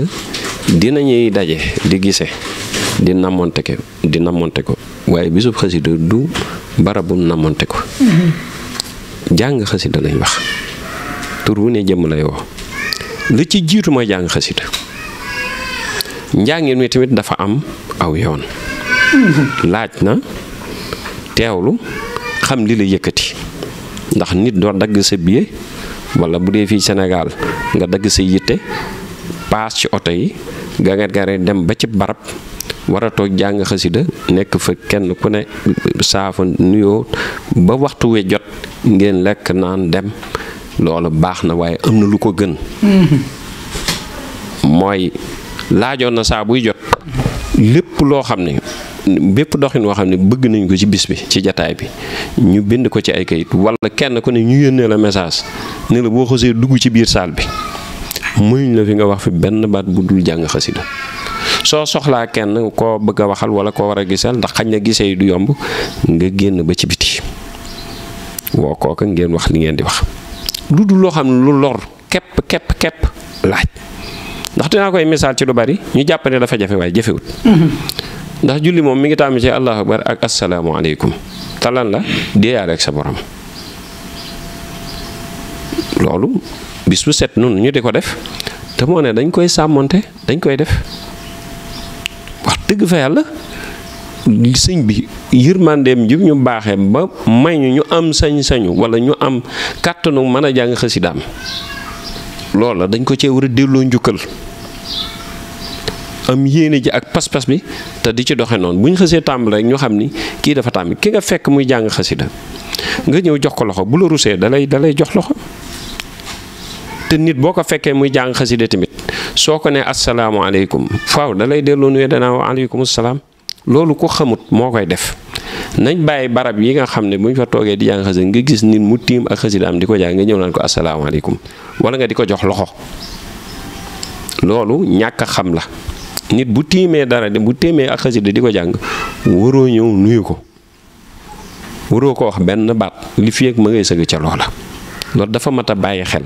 S4: dinañuy daje di gise di namonte ko di namonte ko waaye bisu xasida du barabu namoonte ko mm-hmm. jàng xasida lañ wax tur wu ne jëmm lay woo lu ci jiitu mooy jàng xasida njàngin mi dafa am aw yoon mm-hmm. laaj na teewlu xam li la yëkkati ndax nit doo dagg sa biye wala bu dee fii senegaal nga dagg sa yitte paas ci oto yi garet garet dem ba ci barab war a toog jàng xasida nekk fa kenn ku ne saafa nuyoo ba waxtu we jot ngeen lekk naan dem loolu baax na waaye am na lu ko gën mm-hmm. mooy laajoon na saa buy jot lépp loo xam ne bépp doxin woo xam ne bëgg nañ ko ci bis bi ci jataay bi ñu bind ko ci ay kayit wala kenn ku ne ñu yónnee la message ne la boo xasee dugg ci biir saal bi mënuñ la fi nga wax fi benn baat bu dul jàng xasida soo soxlaa kenn koo bëgg a waxal wala koo war a gisal ndax xañ na gisee yi du yomb nga génn ba ci biti woo kooka ngeen wax li ngeen di wax lu dul loo xam ne lu lor képp képp képp laaj ndax dinaa koy misaal ci lu bari ñu jàpp ne dafa jafe waaye jafewut
S2: mm-hmm.
S4: ndax julli moom mi ngi tàmm ci allahu akbar ak asalaamualeykum talan la déeyaale ak sa borom loolu bis bu set nun ñu di ko def te moo ne dañ koy sàmmoonte dañ koy def wax dëgg fa yàlla sëñ bi yërmandeem ji ñu baaxe ba may ñu ñu am sañ-sañu wala ñu am kàttanu mën a jàng xasidaam loolu la dañ ko cee war a delloo njukkal am yéene ji ak pas-pas bi te di ci doxe noonu bu ñu xësee tàmbali rek ñu xam ni kii dafa tàmbali ki nga fekk muy jàng xasida nga ñëw jox ko loxo bu la rusee dalay dalay jox loxo te nit boo ko fekkee muy jàng xasida tamit soo ko nee asalaamaaleykum faw dalay delloo nuyee danaa wa salaam loolu ko xamut moo koy def nañ bàyyi barab yi nga xam ne bu fa toogee di jàng nga gis nit mu tiim ak xasida am di ko jàng nga ñëw naan ko asalaamaaleykum wala nga di ko jox loxo loolu ñàkk xam la nit bu tiimee dara de bu tiimee ak xasida di ko jàng waroo ñëw nuyu ko waroo ko wax benn baat li fi ak ma ngay sëgg ca loola loolu dafa mat a bàyyi xel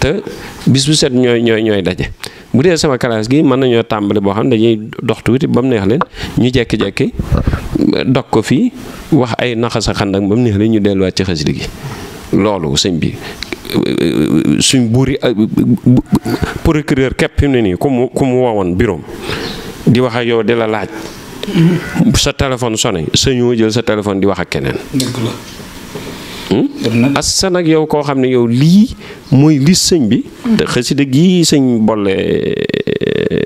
S4: te bis bu set ñooy ñooy ñooy daje bu dee sama kalaas gi mën nañoo tàmbali boo xam ne dañuy dox tuuti ba mu neex leen ñu jekki-jekki euh, dog ko fii wax ay naxa sa xandak ba mu neex leen ñu delluwaat ci xasida gi loolu sëñ bi suñ buur ah, procureur képp fi ne nii ku mu ku mu wowoon bureau di wax ak yow di la laaj. sa téléphone sonné sañoo jël sa téléphone di wax ak keneen. Hmm? assa nag yow koo xam ne yow lii muy li sëñ bi. te xasida gi sëñ bolle eh,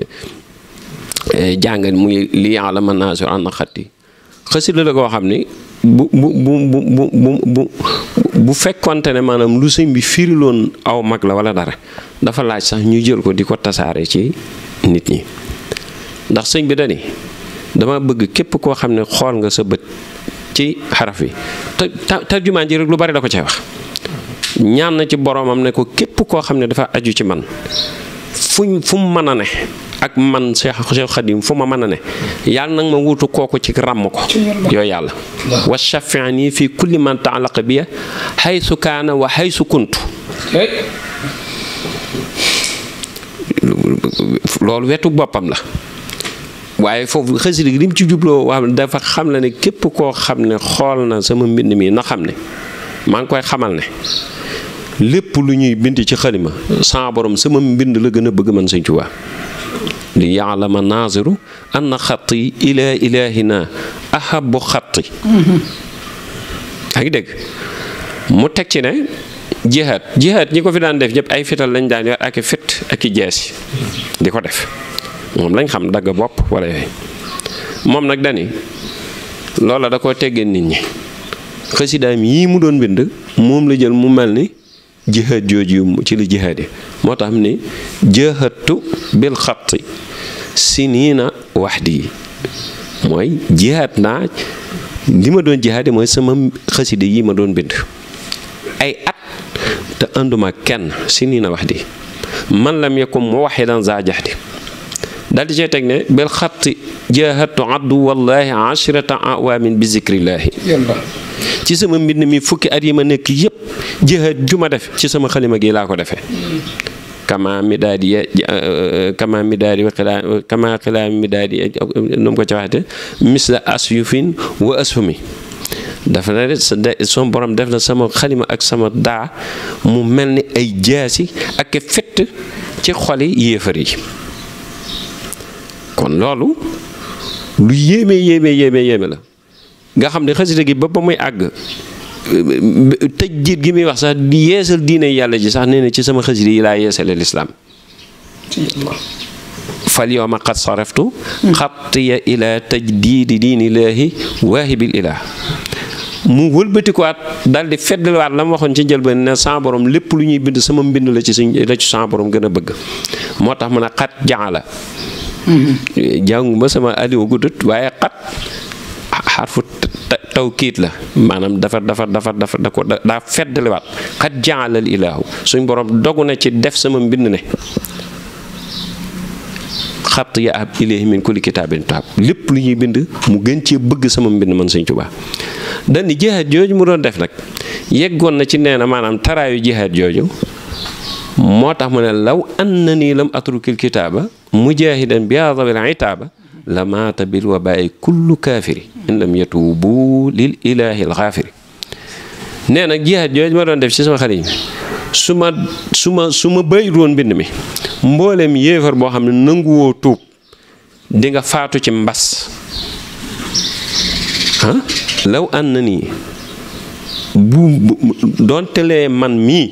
S4: eh, jàngal muy li yàlla mën naa sur ànd xatti xasida la koo xam ne bu bu bu bu bu bu fekkonte ne maanaam lu sëñ bi firiloon aw mag la wala dara dafa laaj sax ñu jël ko di ko tasaare ci nit ñi ndax sëñ bi dani dama bëgg képp koo xam ne xool nga sa bët ci xaraf yi te tarjumaan ji rek lu bari da ko cay wax ñaan na ci boromam ne ko képp koo xam ne dafa aju ci man fuñ fu mu mën a ne ak man Cheikh Cheikh Khadim fu ma mën a ne yàlla nag ma wuutu kooku ci ràmm ko yooyu yàlla wa shafiani fi kulli man la biya haysu kaana wa haysu kuntu loolu wetu boppam la waaye foofu xasida gi ci jubloo waa dafa xam la ne képp koo xam ne xool na sama mbind mii na xam ne maa ngi koy xamal ne lépp lu ñuy bind ci xalima saa borom sama mbind la gën a bëgg man sëñ Tuubaa li yaalama naasiru anna xatti ilaa ilaahina ahabu xatti yaa dégg mu teg ci ne jihaat jihaat ñi ko fi daan def ñëpp ay fital lañ daan yor ak i fit ak i jees di ko def moom lañ xam dagg bopp wala yooyu moom nag dani loola da koo teggee nit ñi xasidaam yii mu doon bind moom la jël mu mel ni jihaad jooju ci la jihaade moo tax mu ne jëhatu bil xatti siniina waxdi mooy jihaad naa li ma doon jihaade mooy sama xaside yi ma doon bind ay at te ànduma kenn si siniina waxdi man lam yakun waxee za jahdi daal di cee teg ne bil xatti jëhatu abdu wallahi ashrata awaamin bi zikrillaahi ci sama mbind mi fukki at yi ma nekk yëpp jihaad ju ma def ci sama xalima gi laa ko defe kamaa mi daal di euh, euh, kamaa mi daal di xilaa kamaa xilaa mi daal di nu mu ko ci waxate misla asyufin wa asfumi dafa na de son borom def na sama xalima ak sama daa mu mel ni ay jaasi ak fett ci xoli yéefar yi kon loolu lu yéeme yéeme yéeme yéeme la nga xam ne xasida gi ba ba muy àgg tëj gi muy wax sax di yeesal diine yàlla ji sax nee ci sama xasida yi laa yeesale lislaam fal yowma qad saraftu xattiya ila tajdiidi diinillaahi waahibil ilaah mu wëlbatikuwaat daal di feddaliwaat la mu waxoon ci njëlbeen ne sama lépp lu ñuy bind sama mbind la ci suñ la ci gën a bëgg moo tax mu a xat jaala mm-hmm. jànguma sama aliwa guddut waaye xat xarfu kiit la maanaam dafa dafa dafa dafa da ko daa feddaliwaat xat jaalal ilaahu suñ borom dogu na ci def sama mbind ne xat ya ab ilayhi min kulli kitaabin taab lépp lu ñuy bind mu gën ci bëgg sama mbind man sëñ Tuubaa dandi jihaat jooju mu doon def nag yeggoon na ci nee na maanaam taraayu jihaat jooju moo tax ma ne law an na nii lam atrukil kitaaba mujaahidan bi azabil itaaba la maata bil wabaay kullu kaafiri in lam yatubu lil ilaahi alxaafiri nee na jihaad jooju ma doon def ci sama xarit su ma su ma su ma bëy roon mbind mi mbooleem yéefar boo xam ne nanguwoo tuub di faatu ci mbas ah law ànd na nii bu doontelee man mii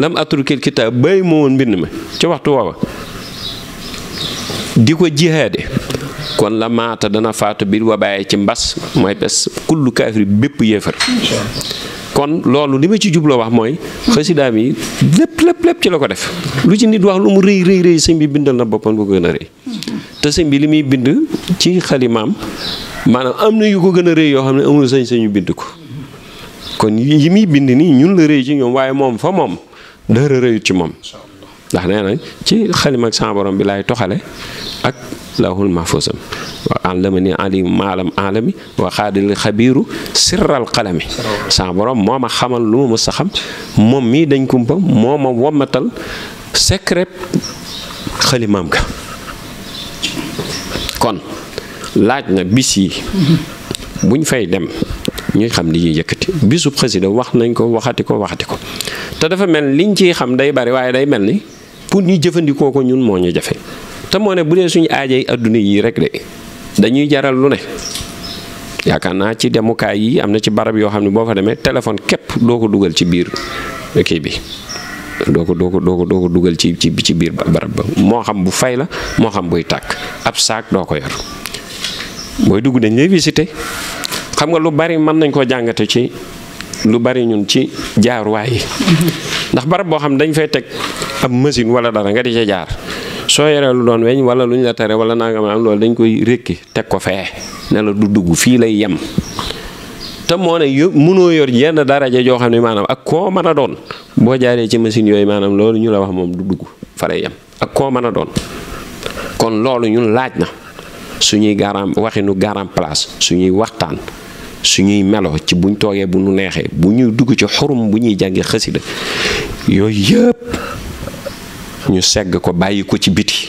S4: lam atrukil kitaab bay moo woon mbind ma ci waxtu woowa di ko jihaade kon la maata dana faatu biir wabaay ci mbas mooy pes kullu kaafir bépp yéefar kon loolu li ma ci jubloo wax mooy xasidaam yi lépp lépp lépp ci la ko def lu ci nit wax lu mu rëy rëy rëy sëñ bi bindal na boppam bu ko gën a rëy te sëñ bi li muy bind ci xalimaam maanaam am na yu ko gën a rëy yoo xam ne amul sañ-sañu bind ko kon yi muy bind nii ñun la rëy ci ñoom waaye moom fa moom dara rëyut ci moom ndax nee nañ ci xalima ak bi laay toxale lawhul mahfuzam wa allamani alim maalam alami wa xaadali xabiiru sirral qalami sa borom moo ma xamal lu ma mës a xam moom mii dañ kumpa moo ma wommatal secret xalimaam ka kon laaj na bis yi buñ fay dem ñuy xam li ñuy yëkkati bisub xasida wax nañ ko waxati ko waxati ko te dafa mel liñ ci xam day bari waaye day mel ni pour ñu jëfandikoo ko ñun moo ñu jafe te moo ne bu dee suñu aajay adduna yii rek de dañuy jaral lu ne yaakaar naa ci demukaay yi am na ci barab yoo xam ne boo fa demee téléphone képp doo ko dugal ci biir kii bi doo ko doo ko dugal ci ci ci biir barab ba moo xam bu fay la moo xam buy tàkk ab saak doo ko yor booy dugg dañ lay visité xam nga lu bari mën nañ koo jàngate ci lu bari ñun ci jaaruwaay yi ndax barab boo xam dañ fay teg ab machine wala dara nga di ca jaar. soo yoree lu doon weñ wala lu ñu la tere wala nangam am loolu dañ koy rékki teg ko fee nela la du dugg fii lay yem te moo ne yë mënoo yor yenn daraja joo xam ne maanaam ak koo mën a doon boo jaaree ci machine yooyu maanaam loolu ñu la wax moom du dugg fa yem ak koo mën a doon kon loolu ñun laaj na suñuy garam waxinu garam place suñuy waxtaan suñuy melo ci buñ toogee bu nu neexee bu ñuy dugg ci xurum bu ñuy jàngi xasida yooyu yëpp ñu ségg ko bàyyi ko ci biti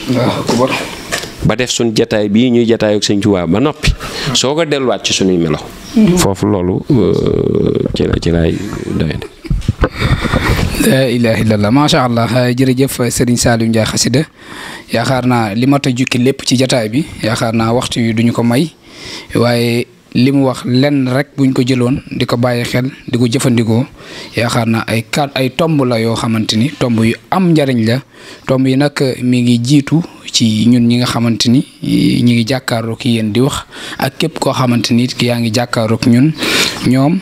S4: ba def sun jotaay bi ñuy ak señ tuwa ba nopi soga ko ci suñu melo fofu lolu euh, ci la ci lay doyade
S3: la ilaha illallah sha allah jërëjëf sëriñ Saliou Ndiaye xasida yaakaar naa li mata jukki lepp ci jotaay bi yaakaar waxtu yi duñu ko may waye li mu wax lenn rek buñ ko jëloon di ko bàyyi xel di ko jëfandikoo yaakaar naa ay kat ay tomb la yoo xamante ni tomb yu am njariñ la tomb yi nag eh, mi ngi jiitu ci ñun ñi nga xamante ni eh, ñi ngi jàkkaaroo ki yéen di wax ak képp koo xamante ni yaa ngi jàkkaaroo ñun ñoom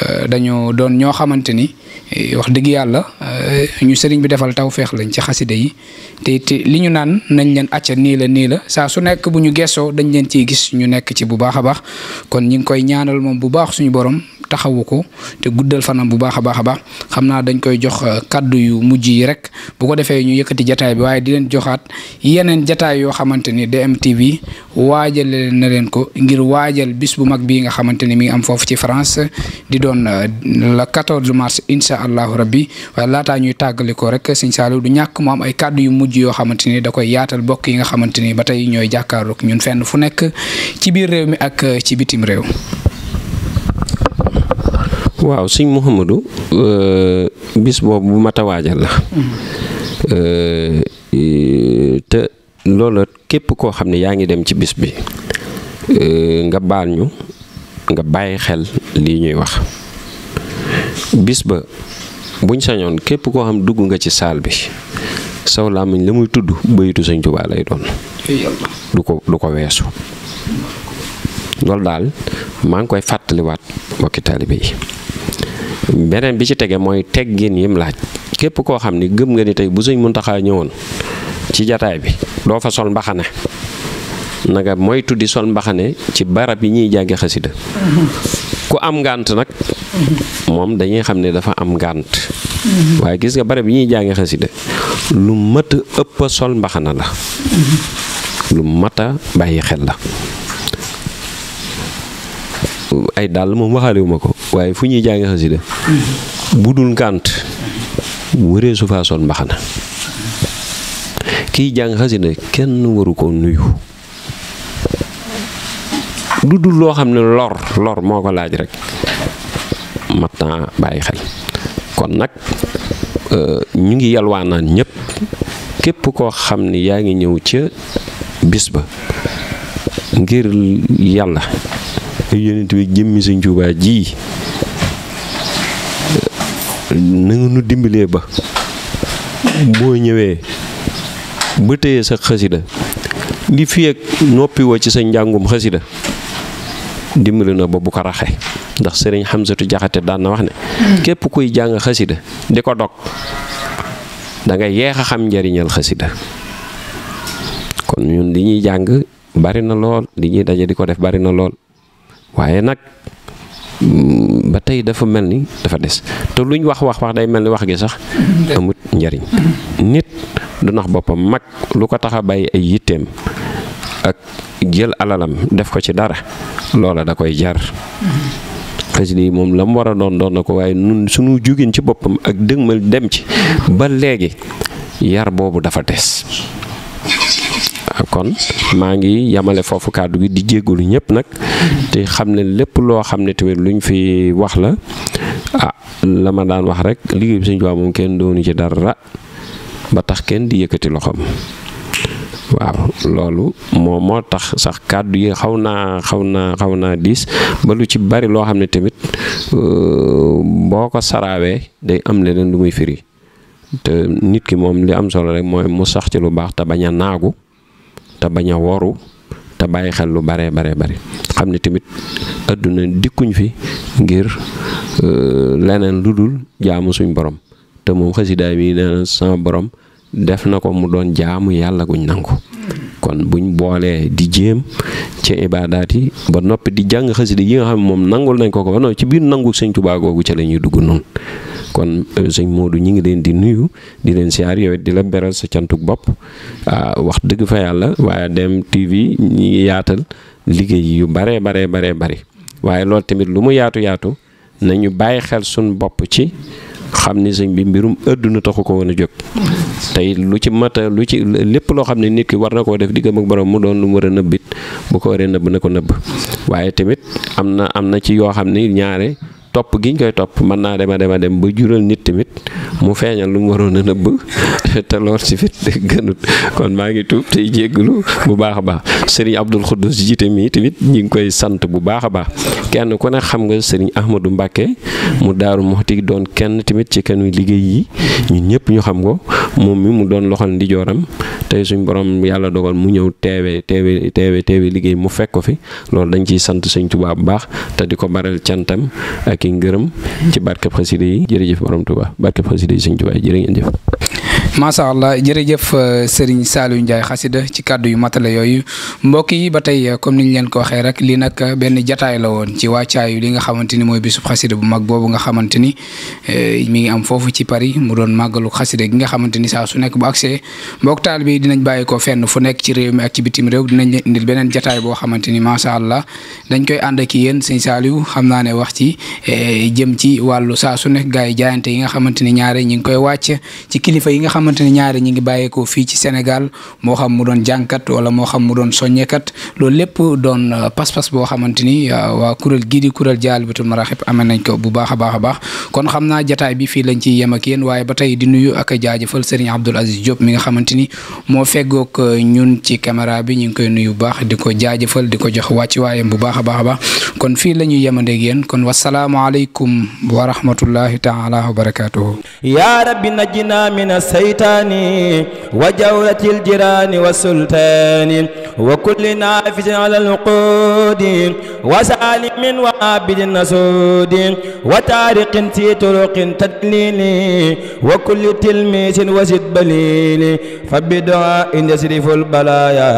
S3: eh, dañoo doon ñoo xamante ni. Eh, wax deug yalla eh, ñu sëriñ bi defal taw feex lañ ci xasside yi te li ñu naan nañ leen acca nii la nii la sa su nekk bu ñu gesso dañ leen ci gis ñu nekk ci bu baaxa baax kon ñing koy ñaanal mom bu baax suñu borom taxawuko te guddal fanam bu baaxa baaxa baax xamna dañ koy jox eh, kaddu yu mujji rek bu ko defé ñu yëkëti jotaay bi waye di leen joxaat yenen jotaay yo xamanteni DMTV waajal leen na leen ko ngir waajal bis bu mag bi nga xamanteni mi am fofu ci France di doon le 14 mars insha incha allahu rabbi waaye laataa ñuy tàggale ko rek sëñ Saliou du ñàkk mu ay kàddu yu mujj yoo xamante ni da koy yaatal bokk yi nga xamante ni ba tey ñooy jàkkaarook ñun fenn fu nekk ci biir réew mi ak ci bitim réew.
S4: waaw sëñ Mouhamadou euh, bis boobu bu mat a la. Mm-hmm. Euh, te loola képp koo xam ne yaa ngi dem ci bis bi euh, nga baal ñu nga bàyyi xel li ñuy wax. bis ba buñ sañoon képp koo xam dugg nga ci saal bi saw làmmiñ la muy tudd bayitu sëñ Tuubaa lay doon du ko du ko weesu loolu daal maa ngi koy fàttaliwaat mbokki taalibe yi beneen bi ci tege mooy teg teggin yim laaj képp koo xam ni gëm nga ni tey bu sëñ Muntaxa ñëwoon ci jataay bi doo fa sol mbaxane nanga moytu di sol mbaxane ci barab yi ñuy jàngi xasida ku am ngànt nag moom dañuy xam ne dafa am ngànt waaye gis nga bare bi ñuy jàngi xasida lu mat a ëpp sol mbaxana la lu mat a bàyyi xel la ay dàll moom waxaalewuma ko waaye fu ñuy jàngi xasida bu dul ngànt wëree su faa sol mbaxana kiy jàng xasida kenn waru ko nuyu du dul loo xam ne lor lor moo ko laaj rek mat naa xel kon nag euh, ñu ngi yalwaanaan ñëpp képp koo xam ni yaa ngi ñëw ca bis ba ngir yàlla yonent bi jëmmi Sëñ Tuubaa ji na nga nu dimbalee ba boo ñëwee ba téye sa xasida li fi ak ci sa njàngum xasida dimbali na ba bu ko raxe ndax sëriñ Xamsatu Jaxate daan na wax ne hmm. képp kuy jàng xasida di ko dog dangay nga a xam njariñal xasida kon ñun li ñuy jàng bari na lool di ñuy daje di ko def bari na lool waaye nag mm, ba tey dafa mel ni dafa des te lu ñu wax wax wax day mel ni wax gi sax hmm. amut njariñ hmm. nit du nax boppam mag lu ko tax a bàyyi ay yitteem ak jël alalam def ko ci dara loola da koy jar xasida yi moom lam wara war don doon doon na nun suñu jugin ci bopam ak deugmal dem ci ba yar bobu dafa des kon mangi yamale fofu kaddu gi di jéggul ñëpp nak te xam lepp lo loo xam luñ fi wax la ah lama daan wax rek liggéey bi djowa mom moom kenn doonu ci dara ba tax kenn di yëkëti loxam waaw loolu moo moo tax sax kàddu yi xaw naa xaw naa xaw naa diis ba lu ci bari loo xam ne tamit euh, boo ko saraawee day am leneen lu muy firi te nit ki moom li am solo rek mooy mu sax ci lu baax te bañ a naagu te bañ a woru te bàyyi xel lu bare bare bare xam ne tamit àdduna dikkuñ fi ngir euh, leneen lu jaamu suñ borom te moom bi nee na sama borom def na ko mu doon jaamu yàlla guñ nangu kon buñ boolee di jéem ca ibaadaat yi ba noppi di jàng xasida yi nga xam ne moom nangul nañ ko ko ba noppi ci biir nangu sëñ Tuubaa googu ca la ñuy dugg noonu kon euh, sëñ Modou ñi ngi leen di nuyu di leen siyaar yow di la beral sa cantuk bopp ah, wax dëgg fa yàlla waaye dem TV ñi yaatal liggéey yu baree baree baree bari waaye loolu tamit lu mu yaatu yaatu nañu bàyyi xel sun bopp ci xam ni sëñ bi mbirum àdduna taxu ko woon a jóg tey lu ci mata lu ci lépp loo xam ne nit ki war na koo def diggam ak borom mu doon lu mu war a nëbbit bu ko waree nëbb na ko nëbb waaye tamit am na am na ci yoo xam ni ñaare topp gi ñu koy topp mën naa dem a dem ba jural nit tamit mu feeñal lu mu waroon a nëbb te lool si fit gënut kon maa ngi tuub tey jégglu bu baax a baax sëriñ Abdul Xuddus jiite mi tamit ñi ngi koy sant bu baax a baax kenn ku ne xam nga sëriñ Ahmadou Mbàkke mu daaru moxti doon kenn tamit ci kenn liggéey yi ñun ñëpp ñu xam ko moom mi mu doon loxal ndijooram tey suñ borom yàlla dogal mu ñëw teewe teewe teewe teewe liggéey mu fekk ko fi loolu dañ ciy sant sëñ Tuubaa bu baax ki ngërëm ci barkeb xasida yi jërëjëf borom Tuuba barkeb xasida yi sëñ Tuuba jëf
S3: Masa allah jërëjëf euh, Serigne Salou Ndiaye xasida ci kàddu yu matale yooyu mbokk yi ba euh, comme niñ leen ko waxee rek li nak euh, ben jotaay la won ci wàccaayu li nga xamanteni moy bisub xasida bu mag bobu nga xamanteni mi ngi am fofu ci Paris mu doon magalu xasida gi nga xamanteni sa su nek bu accès mbokk dinañ bayiko fenn fu nek ci réew mi ak ci bitim réew dinañ indil benen jotaay bo xamanteni ma sha allah dañ koy and ak yeen Serigne Salou xamna naa ne wax ci jëm ci walu sa su nek gaay jaayante yi nga xamanteni ñaare ñing koy wacc ci kilifa yi nga xam xamanteni ñaari ñi ngi bàyyeekoo fi ci Sénégal mo xam mu doon jankat wala mo xam mu doon kat lool lepp doon euh, pas-pas bo xamanteni euh, wa kurel gidi kurel jaal kuréel Jaalibatul Maraaxib nañ ko bu baaxa baaxa baax kon xamna jotaay bi fi lañ ci yem ak yeen waye batay di nuyu ak a Serigne Abdoul Aziz Diop mi nga xamanteni mo moo kamarabi euh, ñun ci caméra bi ñi ngi koy nuyu baax di ko jaajëfal jox wacc waye bu baaxa baaxa baax kon fii la ñuy yemandeeg yéen kon alaykum wa rahmatullahi taala wa barakatuh
S1: ya rabbi najina min الشيطان وجولة الجيران والسلطان وكل نافذ على الوقود وسالم وعابد نسود وتارق في طرق تدليل وكل تلميس وزد بليل فبدعاء يسرف البلايا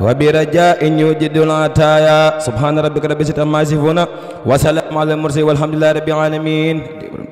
S1: وبرجاء يوجد العطايا سبحان ربك رب العزة عما يصفون وسلام على
S2: المرسلين والحمد لله رب العالمين